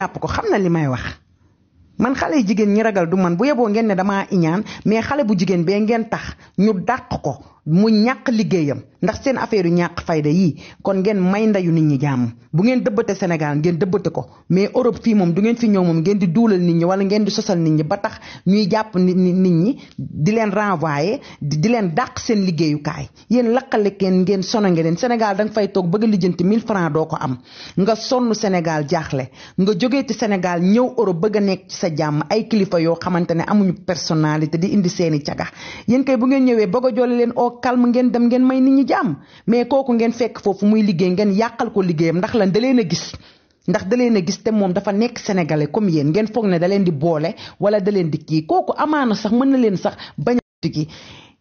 jàpp ko xam na li may wax man xale yu jigéen ñi ragal du man bu yeboo ngeen ne damaa iñaan mais xale bu jigéen bee ngeen tax ñu dàq ko mu ñàq liggéeyam ndax seen affaire yu ñàq fayda yii kon ngeen may ndayu nit ñi jàmm bu ngeen dëbbate Sénégal ngeen dëbbate ko mais Europe fii moom du ngeen fi ñëw moom ngeen di duulal nit ñi wala ngeen di sosal nit ñi ba tax ñuy jàpp nit ñi di leen renvoyer di leen dàq seen liggéeyukaay yéen lakkale kenn ngeen sono ngee leen da nga fay toog bëgg a lijjanti 1000 francs doo ko am nga sonn Sénégal jaaxle nga jogee ci senegal ñëw Europe bëgg a nekk sa jàmm ay kilifa yoo xamante ne amuñu personnalité di indi seeni caga yéen toog ngeen dem ngeen may nit ñi jàmm mais kooku ngeen fekk foofu muy liggéey ngeen yàqal ko liggéeyam ndax lan da leen a gis ndax da leen a gis te moom dafa nekk sénégalais comme yéen ngeen foog ne da leen di boole wala da leen di kii kooku amaana sax mën na leen sax bañ a gi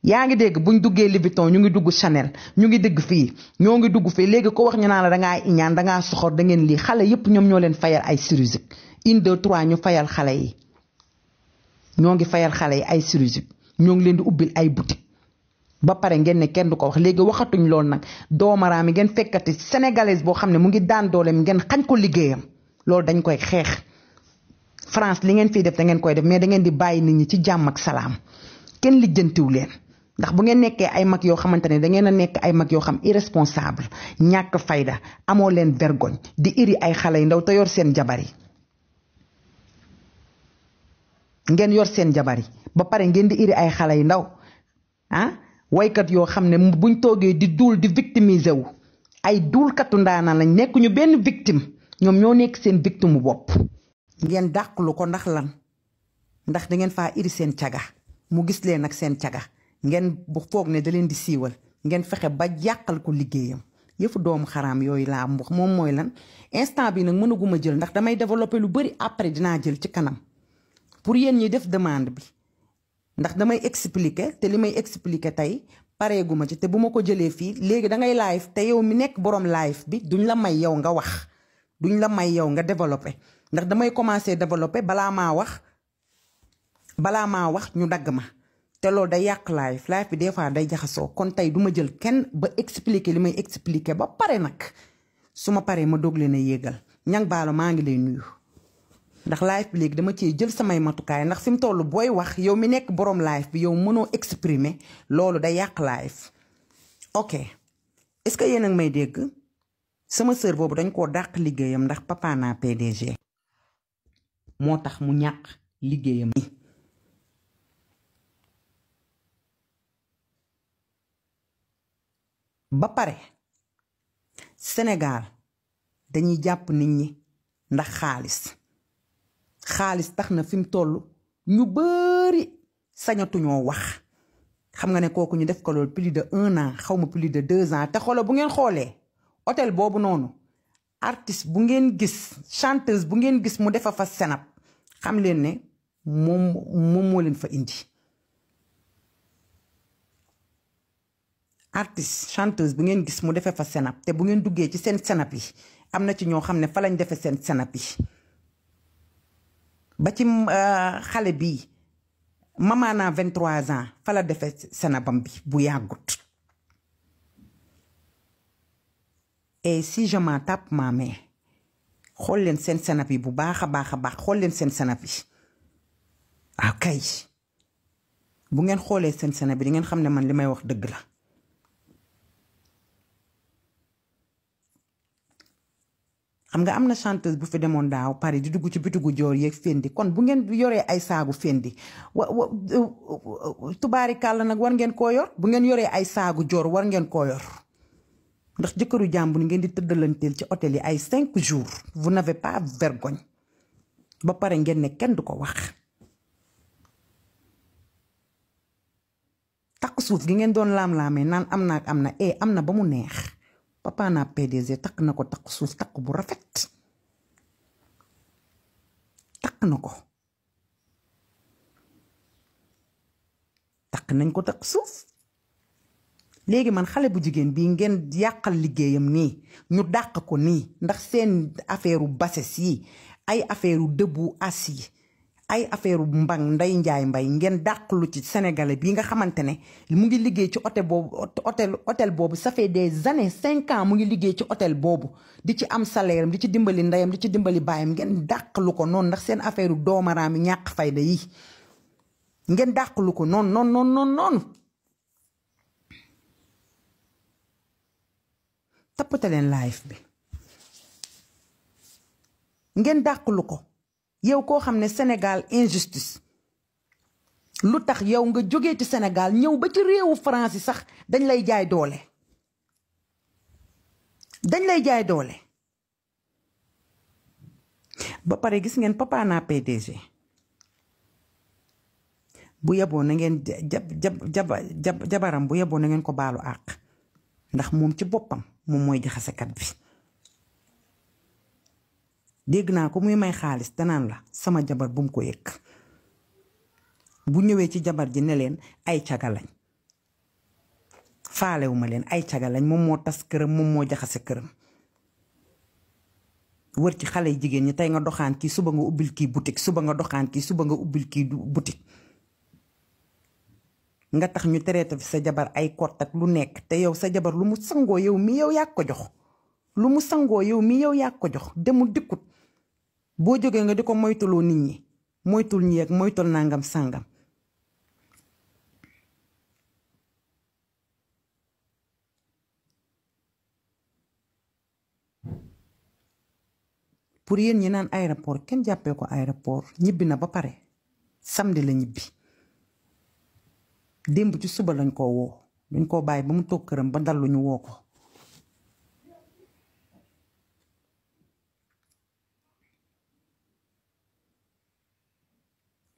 yaa ngi dégg buñ duggee libiton ñu ngi dugg Chanel ñu ngi dégg fii ñoo ngi dugg fii léegi ko wax ñu naan la dangaa iñaan dangaa soxor da ngeen lii xale yépp ñoom ñoo leen fayal ay chirurgie une de trois ñu fayal xale yi ñoo ngi fayal xale yi ay chirurgie ñoo ngi leen di ubbil ay boutique ba pare ngeen ne kenn du ko wax léegi waxatuñ loolu nag doomaraam yi ngeen fekkati sénégalaise boo xam ne mu ngi daan dooleem ngeen xañ ko liggéeyam loolu dañ koy xeex France li ngeen fiy def dangeen koy def mais da ngeen di bàyyi nit ñi ci jàmm ak salaam kenn lijjantiw leen ndax bu ngeen nekkee ay mag yoo xamante ne da ngeen a nekk ay mag yoo xam irresponsable ñàkk fayda amoo leen vergogne di iri ay xale yu ndaw te yor seen jabar yi ngeen yor seen jabar yi ba pare ngeen di iri ay xale yu ndaw ah woykat yoo xam ne buñ toogee di duul di victimiser wu ay duulkatu ndaanaan lañ nekk ñu benn victime ñoom ñoo nekk seen victime bopp. ngeen dàqlu ko ndax lan ndax da ngeen faa iri seen caga mu gis leen ak seen caga ngeen bu foog ne da leen di siiwal ngeen fexe ba yàqal ko liggéeyam yëfu doomu xaraam yooyu laa wax moom mooy lan instant bi nag mënaguma jël ndax damay développer lu bari après dinaa jël ci kanam pour yéen ñi def demande bi. ndax damay expliquer te li may expliquer tey pareeguma ci te bu ma ko jëlee fii léegi da ngay live te yow mi nekk borom live bi duñ la may yow nga wax duñ la may yow nga développé ndax damay commencer développé balaa maa wax balaa maa wax ñu dagg ma te loolu day yàq live live bi des fois day jaxasoo kon tey duma jël kenn ba expliquer li may expliquer ba pare nag su ma paree ma doog leen a yéegal ñang baalo maa ngi lay nuyu. ndax live bi léegi dama ci jël samay matukaay ndax fi mu toll booy wax yow mi nekk borom live bi yow mënoo exprimer loolu day yàq live. ok est-ce que yéen may dégg sama sœur boobu dañ koo dàq liggéeyam ndax papa naa moo tax mu ñàkk liggéeyam ni ba pare Sénégal dañuy jàpp nit ñi ndax xaalis xaalis tax na fi mu toll ñu bëri sañatuñoo wax xam nga ne kooku ñu def ko loolu plus de un an xaw ma plus de deux ans te xoolal bu ngeen xoolee hôtel boobu noonu artiste bu ngeen gis chanteuse bu ngeen gis mu defa fa senap xam leen ne moom moo leen fa indi artiste chanteuse bu ngeen gis mu defee fa senap te bu ngeen duggee ci seen senap yi am na ci ñoo xam ne fa lañ defee seen senap yi ba ci euh, xale bi mamaanaa 23 ans fa la defee senabam bi bu yàggut et si je m'en tape xool leen seen senab yi bu baax a baax a baax xool leen seen senab yi akay ah, bu ngeen xoolee seen senab yi di ngeen xam ne man li may wax dëgg la xam nga am na chanteuse bu fi demoon daaw Paris di dugg ci bitigu joor yeeg fendi kon bu ngeen yoree ay saagu fendi wa wa tubaari kàll nag war ngeen koo yor bu ngeen yoree ay saagu joor war ngeen koo yor ndax jëkkëru jàmbur ngeen di tëddalanteel ci hôtel yi ay cinq jours vous n'avez pas vergogne ba pare ngeen ne kenn du ko wax. takk suuf gi ngeen doon laam laame naan am na am na eh, am na ba mu neex. papa naa PDG takk na ko takk suuf takk bu rafet takk na ko takk nañ ko takk suuf léegi man xale bu jigéen bii ngeen yàqal liggéeyam nii ñu dàq ko nii ndax seen affaire u bases yi ay affaire u dëbbu as yi ay affaire mbang nday njaay mbay ngeen dàqlu ci sénégalais bi nga xamante ne mu ngi liggéey ci hôtel boobu hôtel hôtel boobu ça fait des années mu ngi liggéey ci hôtel boobu di ci am salaire di ci dimbali ndeyam di ci dimbali baayam ngeen dàqlu ko noonu ndax seen affaire doomaraam yi ñàkk fayda yi ngeen dàqlu ko noonu noonu noonu noonu noonu tappate leen live bi ngeen dàqlu ko yow koo xam ne Sénégal injustice lu tax yow nga jógee ci Sénégal ñëw ba ci réewu France sax dañ lay jaay doole dañ lay jaay doole ba pare gis ngeen Papana PDG bu yeboo na ngeen jabaram bu yeboo na ngeen ko baalu àq ndax moom ci boppam moom mooy jaxasekat bi dégg naa ko muy may xaalis danaan la sama jabar bu mu ko yëg bu ñëwee ci jabar ji ne leen ay caga lañ faalewuma leen ay caga moom moo tas këram moom moo jaxase këram wër ci xale yi jigéen ñi tey nga doxaan kii suba nga ubbil kii boutique suba nga doxaan kii suba nga ubbil kii boutique nga tax ñu traité fi sa jabar ay kott ak lu nekk te yow sa jabar lu mu sangoo yow mi yow yaa ko jox lu mu sangoo yow mi yow yaa ko jox demul dikkut boo jógee nga di ko moytuloo nit ñi moytul ñi moytul nangam sàngam pour yéen ñi naan aéroport kenn jàppee ko aéroport ñibbi na ba pare samdila la ñibbi démb ci suba lañ ko woo dañ koo bàyyi ba mu toog këram ba ñu woo ko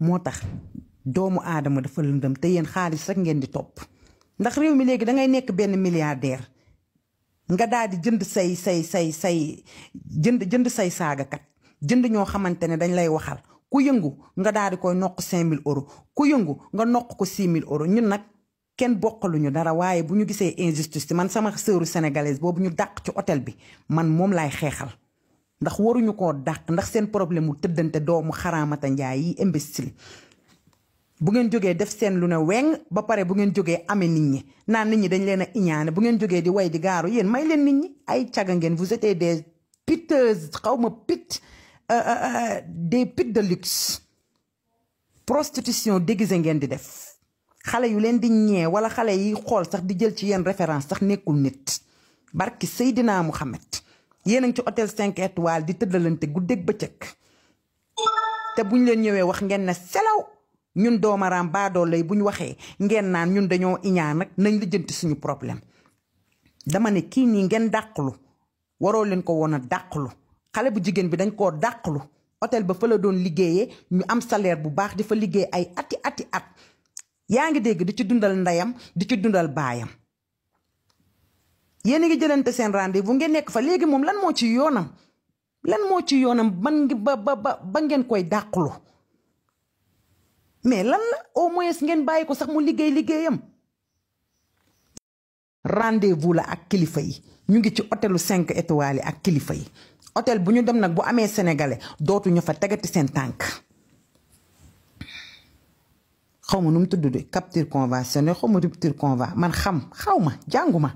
moo tax doomu aadama dafa lëndëm te yéen xaalis rek ngeen di topp ndax réew mi léegi da ngay nekk benn milliardaire nga daal di jënd say say say say jënd jënd say saagakat jënd ñoo xamante ne dañ lay waxal ku yëngu nga daal di koy noq mille euro ku yëngu nga noq ko mille euro ñun nag kenn bokkaluñu dara waaye bu ñu gisee injustice man sama sœuru sénégalaise boobu ñu dàq ci hôtel bi man moom laay xeexal. ndax waruñu koo dàq ndax seen problème mu tëddante doomu xaraamata njaay yi imbécile bu ngeen jógee def seen lu ne weng ba pare bu ngeen jógee amee nit ñi naan nit ñi dañ leen a iñaane bu ngeen jógee di way di gaaru yéen may leen nit ñi ay caga ngeen vous étiez des piteuses xaw ma pit euh, euh, euh, des pit de prostitution déguisée ngeen di def xale yu leen di ñee wala xale yi xool sax di jël ci yenn référence sax nekkul nit barki Seydina Muhammad yéen a ngi ci otel 5 étoiles di tëddalante guddeeg bëccëg te buñ leen ñëwee wax ngeen ne selaw ñun doomaraam baadoo lay bu ñu waxee ngeen naan ñun dañoo iñaan nag nañ lijjanti suñu problème dama ne kii nii ngeen dàqlu waroo leen ko woon a dàqlu xale bu jigéen bi dañ koo dàqlu otel ba fa la doon liggéeyee ñu am salaire bu baax di fa liggéey ay ati ati at yaa ngi dégg di ci dundal ndeyam di ci dundal baayam yéen a ngi jëlante seen rendez-vous ngeen nekk fa léegi moom lan moo ci yoonam lan moo ci yoonam ban ba ba ba ngeen koy dàqulu mais lan la au moins ngeen bàyyi ko sax mu liggéey liggéeyam. rendez-vous la ak kilifa yi ñu ngi ci hôtelu cinq étoiles ak kilifa yi hôtel bu ñu dem nag bu amee sénégalais dootuñu fa tegati seen tànk. xaw ma nu mu tudd de capture conventionnelle xaw ma rupture conva man xam xaw ma jàngu ma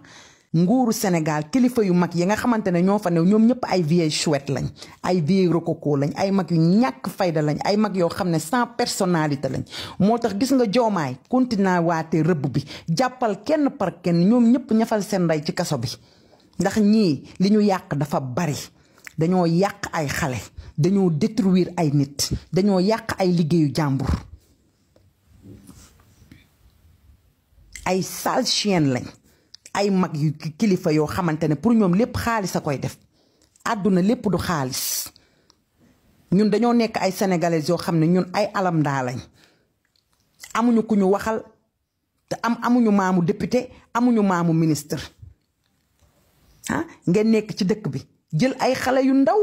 nguuru Sénégal kilifa yu mag yi nga xamante ne ñoo fa ne ñoom ñëpp ay vieilles chouettes lañ ay vieilles rococo lañ ay mag yu ñàkk fayda lañ ay mag yoo xam ne sans personnalité lañ moo tax gis nga joomaay continué waate rëbb bi jàppal kenn par kenn ñoom ñëpp ñafal seen ndey ci kaso bi ndax ñii li ñu yàq dafa bari dañoo yàq ay xale dañoo détruire ay nit dañoo yàq ay liggéeyu jàmbur ay sale chien lañ ay mag yu kilifa yoo xamante ne pour ñoom lépp xaalis a koy def àdduna lépp du xaalis ñun dañoo nekk ay sénégalais yoo xam ne ñun ay alam lañ amuñu ku ñu waxal te am amuñu maamu député amuñu maamu ministre ah ngeen nekk ci dëkk bi jël ay xale yu ndaw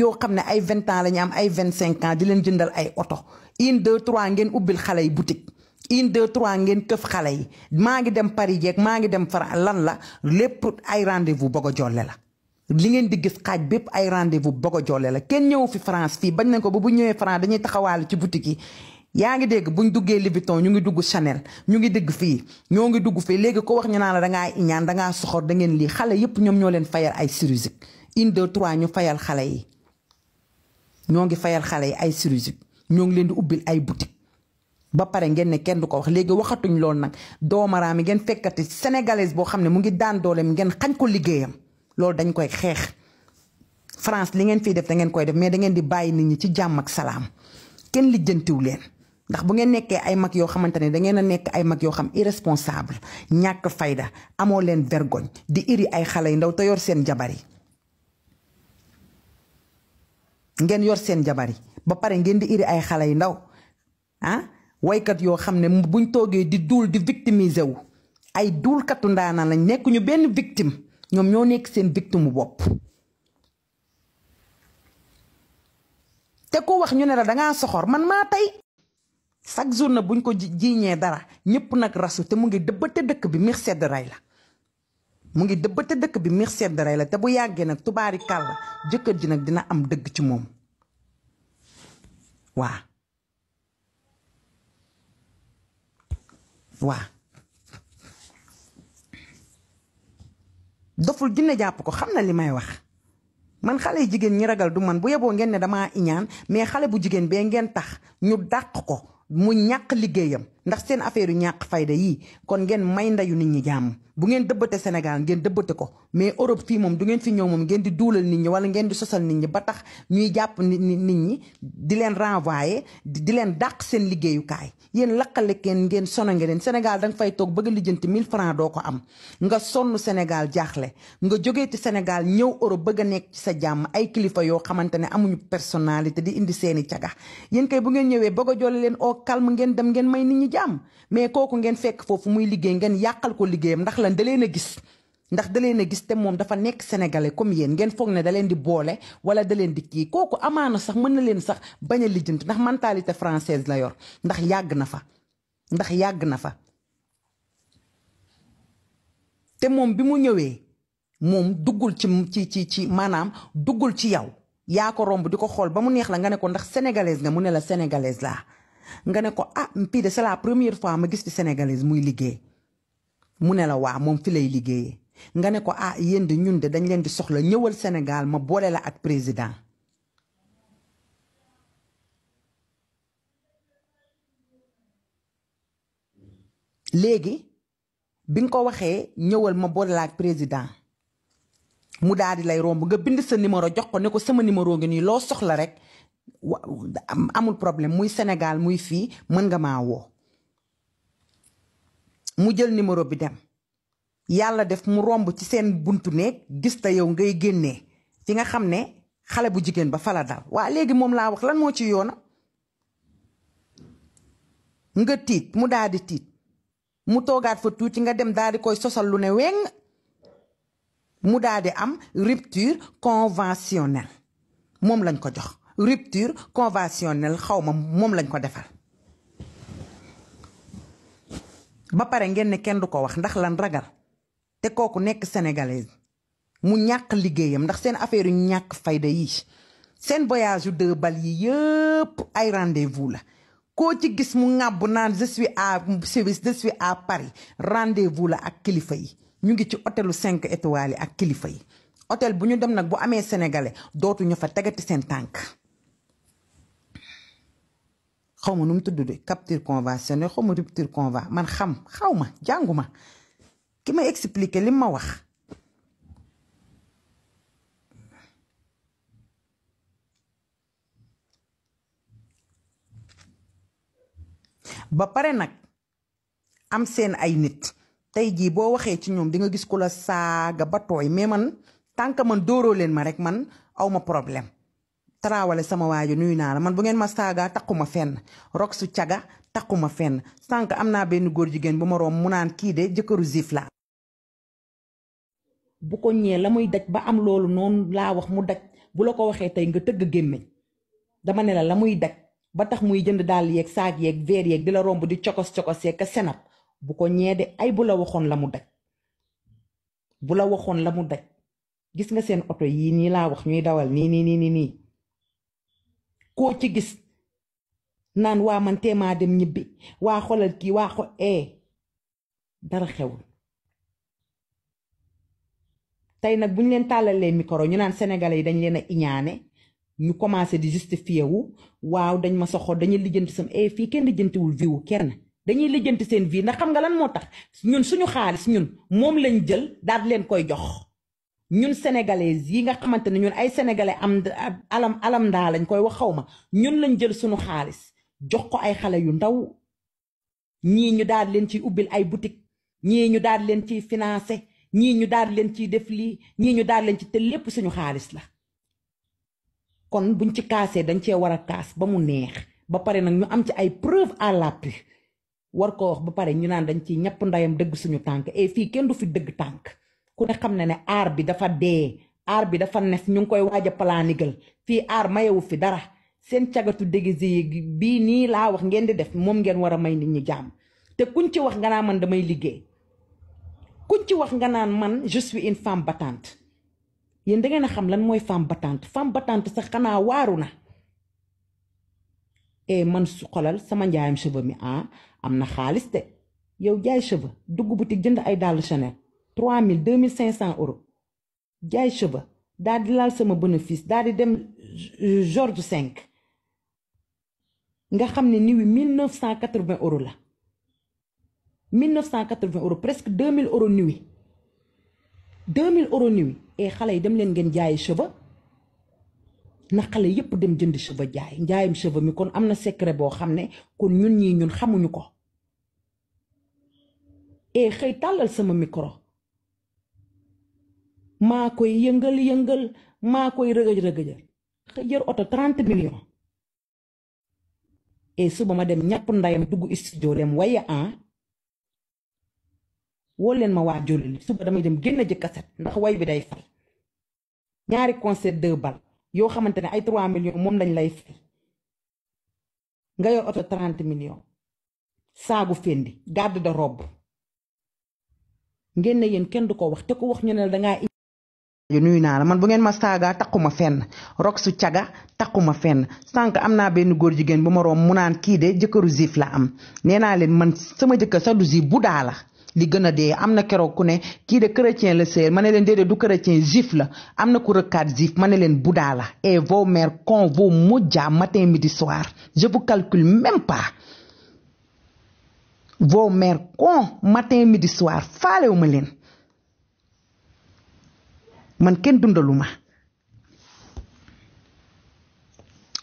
yoo xam ne ay vingt ans la am ay vingt cinq ans di leen jëndal ay oto une deux trois ngeen ubbil xale yi boutique une deux trois ngeen këf xale yi maa ngi dem Paris jeeg maa ngi dem Fara lan la lépp ay rendez-vous bëgg a jolle la. li ngeen di gis xaaj bépp ay rendez-vous bëgg a jolle la kenn ñëw fi France fii bañ nañ ko ba bu ñëwee France dañuy taxawaale ci boutique yi. yaa ngi dégg buñ duggee Louis ñu ngi dugg Chanel ñu ngi dégg fii ñoo ngi dugg fii léegi ko wax ñu naa la da ngaa iñaan da ngaa soxor dangeen ngeen lii xale yépp ñoom ñoo leen fayal ay chirurgie une deux trois ñu fayal xale yi ñoo ngi fayal xale yi ay chirurgie ñoo ngi leen di ubbil ay boutique ba pare ngeen ne kenn du ko wax léegi waxatuñ loolu nag doomaraam yi ngeen fekkati sénégalaise boo xam ne mu ngi daan dooleem ngeen xañ ko liggéeyam loolu dañ koy xeex France li ngeen fiy def da ngeen koy def mais da ngeen di bàyyi nit ñi ci jàmm ak salaam kenn lijjantiw leen ndax bu ngeen nekkee ay mag yoo xamante ne da ngeen a nekk ay mag yoo xam irresponsable ñàkk fayda amoo leen vergogne di iri ay xale yu ndaw te yor seen jabar yi ngeen yor seen jabar yi ba pare ngeen di iri ay xale yu ndaw ah? woykat yoo xam ne buñ toogee di duul di victimiser wu ay duulkatu ndaana lañ nekk ñu benn victime ñoom ñoo nekk seen victime bopp. te ko wax ñu ne la dangaa soxor man maa tey chaque jour na buñ ko jiiñee dara ñëpp nag rasu te mu ngi dëbbate dëkk bi miix sedd rey la. mu ngi dëbbate dëkk bi miix sedd rey la te bu yàggee nag tubaari kàll jëkkër ji nag dina am dëgg ci moom waa waa doful jinne jàpp ko xam na li may wax man xale yu jigéen ñi ragal du man bu yeboo ngeen ne damaa iñaan mais xale bu jigéen bee ngeen tax ñu dàq ko mu ñàkk liggéeyam ndax seen affaire yu ñàkk fayda yii kon ngeen may ndeyu nit ñi jàmm bu ngeen dëbbate Sénégal ngeen dëbbate ko mais Europe fii moom du ngeen fi ñëw moom ngeen di duulal nit ñi wala ngeen di sosal nit ñi ba tax ñuy jàpp nit ñi di leen renvoyer di leen dàq seen liggéeyukaay yéen lakkale kenn ngeen sono ngeen leen Sénégal danga fay toog bëgg lijjanti 1000 francs doo ko am nga sonn Sénégal jaaxle nga jógee ci Sénégal ñëw Europe bëgg a nekk ci sa jàmm ay kilifa yoo xamante ne amuñu personnalité di indi seeni caga yéen kay bu ngeen ñëwee bëgg a jolle leen au oh, calme ngeen dem ngeen may nit ñi jàmm mais kooku ngeen fekk foofu muy liggéey ngeen yàqal ko liggéeyam ndax lan da leen a gis ndax da leen a gis te moom dafa nekk sénégalais comme yéen ngeen foog ne daleen di boole wala da leen di kii kooku amaana sax mën na leen sax bañ a lijjanti ndax mentalité française la yor ndax yàgg na fa ndax yàgg na fa te moom bi mu ñëwee moom duggul ci ci ci ci maanaam duggul ci yow yaa ko romb di ko xool ba mu neex la nga ne ko ndax sénégalaise nga mu ne la sénégalaise laa nga ne ko ah mpii de c'est la première fois ma gis fi sénégalaise muy liggéey mu ne la waa moom fi lay liggéeyee nga ne ko ah yéen de ñun de dañ leen di soxla ñëwal Sénégal ma boole la ak président léegi bi nga ko waxee ñëwal ma boole la président mu daal di lay romb nga bind sa numéro jox ko ne ko sama numéro ngi nii loo soxla rek wa amul problème muy Sénégal muy fii mën nga maa woo mu jël numéro bi dem yàlla def mu romb ci seen bunt néeg gis ta yow ngay génnee fi nga xam ne xale bu jigéen ba fala dal waa léegi moom laa wax lan moo ci yoona nga tiit mu daal di tiit mu toogaat fa tuuti nga dem daal di koy sosal lu ne weng mu daal di am rupture conventionnelle moom lañ ko jox rupture conventionnelle xaw ma moom lañ ko defal ba pare ngeen ne kenn du ko wax ndax lan ragal te kooku nekk sénégalais mu ñàkk liggéeyam ndax seen affaire yu ñàkk fayda yi seen voyage yu bal yi yëpp ay rendez-vous la koo ci gis mu ŋàbb naan je suis à Suisse je suis à Paris rendez-vous la ak kilifa yi ñu ngi ci hôtelu cinq étoiles ak kilifa yi hôtel bu ñu dem nag bu amee sénégalais dootuñu fa tegati seen tànk xaw ma nu mu tudd de capture conventionnelle xaw ma rupture conva man xam xaw ma jàngu ma ki ma expliqué lim ma wax. ba pare nag am seen ay nit tey jii boo waxee ci ñoom di nga gis ku la saaga ba tooy mais man tant que man dóoroo leen ma rek man aw ma problème. Traoré sama waajo nuyu naa man bu ngeen ma saagaa takkuma fenn rok su caga takkuma fenn sànq am naa benn góor jigéen bu ma mu naan kii de jëkkëru zif bu ko ñee la muy daj ba am loolu noonu laa wax mu daj bu la ko waxee tey nga tëgg gémmiñ dama ne la muy daj ba tax muy jënd daal yeeg saak yeeg veer yeeg di la romb di cokos cokos yeeg ka senab bu ko ñee de ay bu la waxoon la mu daj bu la waxoon la mu daj gis nga seen oto yii nii laa wax ñuy dawal nii nii nii nii nii koo ci gis naan waa man maa dem ñibbi waa xolal kii waa xo ee eh, dara xew tey nag bu ñu leen tàllalee micro ñu naan sénégalais yi dañ leen a iñaane ñu commencé di justifier waaw dañ ma soxo dañuy lijjanti sam e eh, fii kenn lijjantiwul vie wu kenn dañuy lijjanti seen vie ndax xam nga lan moo tax ñun suñu xaalis ñun moom lañ jël daal leen koy jox ñun sénégalais yi nga xamante ne ñun ay sénégalais am alam alam ndaa lañ koy wax xaw ma ñun lañ jël suñu xaalis jox ko ay xale yu ndaw ñii ñu daal leen ciy ubbil ay boutique ñii ñu daal leen ciy finance ñii ñu daal leen ciy def lii ñii ñu daal leen ci te lépp suñu xaalis la kon buñ ci kaasee dañ cee war a kaas ba mu neex ba pare nag ñu am ci ay preuve à l'appui war koo wax ba pare ñu naan dañ ciy ñàpp ndayam dëgg suñu tànk et fii kenn du fi dëgg tànk ku ne xam ne ne aar bi dafa dee aar bi dafa nes ñu ngi koy waaj a palaanigal fii aar mayewu fi dara seen cagatu déguisé yi bii nii laa wax ngeen di def moom ngeen war a may nit ñi jàmm te kuñ ci wax nga naan man damay liggéey kuñ ci wax nga naan man je suis une femme battante yéen dangeen a xam lan mooy femme battante femme battante sax xanaa waaru na. e man su xolal sama njaayam cheveux mi ah am na xaalis te yow jaay cheveux dugg boutique jënd ay dàll Chanel trois mille deux mille cinq cent euros jaay cheveux daal di laal sama bénéfice daal di dem George cinq nga xam ne niwi mille neuf cent quatre vingt euros la mille neuf cent quatre presque deux mille euros niwi deux mille euros niwi et eh, xale yi dem leen ngeen jaayi cheveux na xale yépp dem jënd cheveux jaay njaayam cheveux mi kon am na secret boo xam ne kon ñun ñii ñun xamuñu ko et eh, xëy tàllal sama micro maa koy yëngal yëngal maa koy rëgëj rëgëjal jër oto 30 millions et suba ma dem ñàpp ndayam dugg studio dem waye ah woo leen ma waa jolli suba damay dem génn ji kaset ndax way bi day fay ñaari concert deux bal yoo xamante ne ay 3 millions moom lañ lay fay nga yor oto 30 millions saagu fendi garde de robe ngeen ne kenn du ko wax te ko wax ñu ne la dangaa yu nuyu naa la man bu ngeen ma saaga taquma fenn rok su caga taquma fenn sànq am naa benn góor jigéen bu ma room mu naan kii de jëkkëru zif la am nee naa leen man sama jëkkër sa du bu daa la li gën a dee am na keroo ku ne kii de chrétien la séer ma ne leen déedéet du chrétien juif la am na ku rëkkaat juif ma ne leen bu daala et vos mères con vos mojja matin midi soir je calcul calcule même pas vos mères con matin midi soir faalewu leen man kenn dundalu ma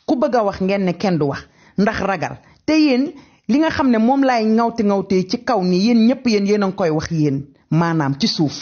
ku bëgg a wax ngeen ne kenn du wax ndax ragal te yéen li nga xam ne moom laay ngawti ŋawtee ci kaw ni yéen ñëpp yéen yéen a ngi koy wax yéen maanaam ci suuf